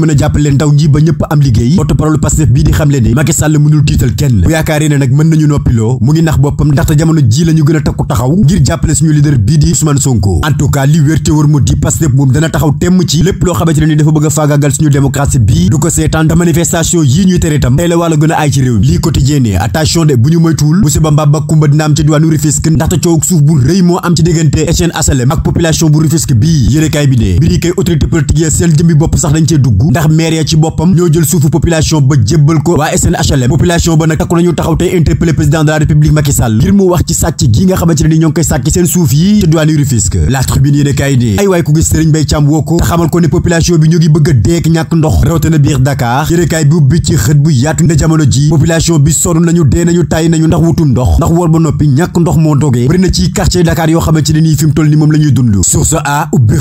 mën a jàppale ndaw ñi ba ñëpp am liggéey porte-parole Pastef bii di xamle ni Macky Sall mënul tiital kenn bu yaakaaree ne nag mën nañu noppiloo mu ngi nax boppam ndaxte jamono ji la ñu gën a takku taxaw ngir jàppale suñu leader bii di Ousmane Sonko en tout wér te wër mu di Pastef moom dana taxaw temm ci lépp loo xamante ne ni dafa bëgg a faagaagal suñu démocratie bii du ko seetaan te manifestation yii ñuy tere itam tey la wàlla gën a aay ci réew mi sax dañ cee dugg ndax maire ya ci boppam ñoo jël suufu population ba nag takku nañu taxaw tey interpellé président de la république Macky ngir mu wax ci sàcc gi nga xamante ne ni yi ci bi ñu ngi bëgg a deek ñàkk ndox rawatina biir Dakar yéene bi ubbi ci xët bu yaatu ne jamono ji population bi sonn nañu dee nañu tàyyi nañu ndax wutum ndox ndax war ba noppi ñàkk ndox moo dogee bëri ci quartier Dakar yoo xamante ne nii fi mu toll ni moom la ñuy dund source a ubbi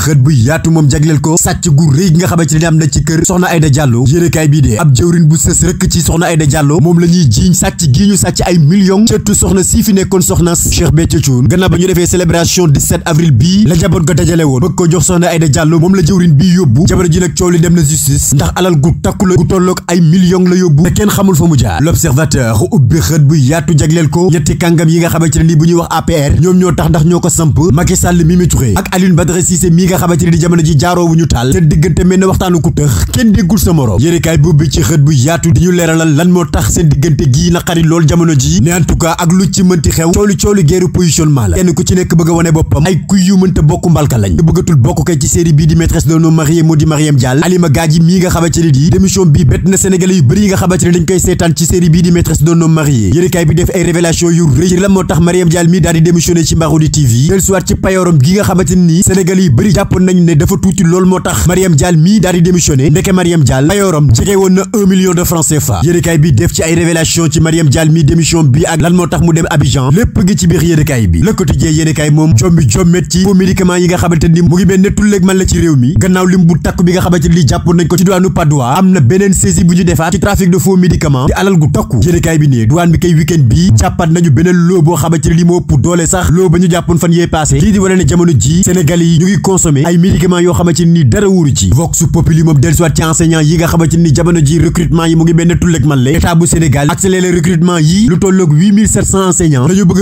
kër soxna Aïda Diallo yéenekaay bii de ab jëwrin bu sës rëkk ci soxna Aïda Diallo moom la ñuy jiiñ sàcc gi ñu sàcc ay millions cëttu soxna sii fi nekkoon soxna Cheikh Béthio Thioune gannaaw ba ñu defee célébration 17 avril bii la jaboot ga dajale woon bëgg ko jox soxna Aïda Diallo moom la jëwrin bii yóbbu jabar ji nag coow li dem na justice ndax alal gu takku la gu tolloog ay millions la yóbbu te kenn xamul fa mu jaar l'observateur ubbi xët bu yaatu jagleel ko ñetti kàngam yi nga xamante ne ni bu ñuy wax APR ñoom ñoo tax ndax ñoo ko samp Macky Sall Mimi Touré ak Alioune Badara Cissé mi nga xamante ne di jamono ji jaaroo wu ñu taal te diggante mel na waxtaanu ku tëx kenn déggul sa morom yéenekaay boobu ci xët bu yaatu di leeralal lan moo tax seen diggante gii naqari lool jamono ji ne en tout ak lu ci mënti xew coolu ku ci nekk bëgg a wane bokk kay ci série bii di maîtresse d'un homme marié moo na sénégalais ne dañ koy seetaan ci série bii di maîtresse bi def ay révélation yu rëy moo tax Mariam Dial mii daal di démissionné ci Marodi TV del soir ci payorom gi nga xamante ne yu bëri jàppoon nañ ne dafa tuuti lool moo tax Mariam Dial mii daal di démissionné ndeke Mariam Dial jege woon na un million de francs CFA yéenekaay bi def ci ay révélation ci Mariam Dial mi démission bi ak lan moo tax mu dem Abidjan lépp gi ci biir yéenekaay bi Le Quotidien yéenekaay moom jombi jommet ci faux médicament yi nga xamante ni mu ngi mel ne tulleeg man la ci réew mi gannaaw lim bu takk bi nga xamante ni jàpp nañ ko ci duwaanu Padoa am na beneen saisie bu ñu defaat ci trafic de faux médicament bi ne ci enseignant yi nga xamante jamono ji recrutement yi mu ngi benn tullek man le état bu Sénégal accéléré recrutement yi lu tolloog 8700 enseignants dañu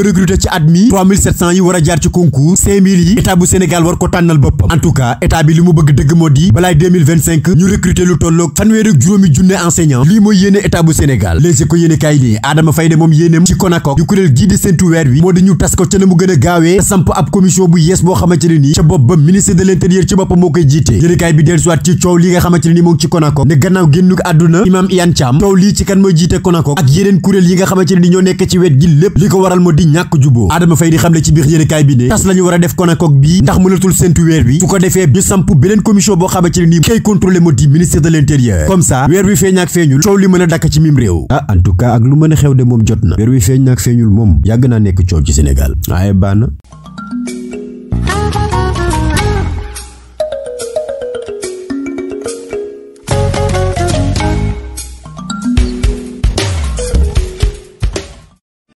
tas ko ca na mu gën a gaawee samp ab commission bu yees boo xamante ca bopp ba ministre de l'intérieur ci boppam moo koy jiite yéene kaay bi dellusiwaat ci coow li nga xamante ni moom ci Konako ne gannaaw génnuk àdduna imaam Iyane Thiam coow lii ci kan mooy jiite Konako ak yeneen kuréel yi nga xamante ne ni ñoo nekk ci wet gi lépp li ko waral moo di ñàkk juboo Adama Faye di xamle ci biir yéenekaay bi tas lañu war a def Konako bi ndax mënatul séntu weer bi fu ko defee ñu samp beneen commission boo xamante ne ni kay contrôler moo di ministère de l'intérieur comme weer wi feeñ feeñul coow li mën a dakk ci mim réew ah a na nekk coow ci Sénégal waaye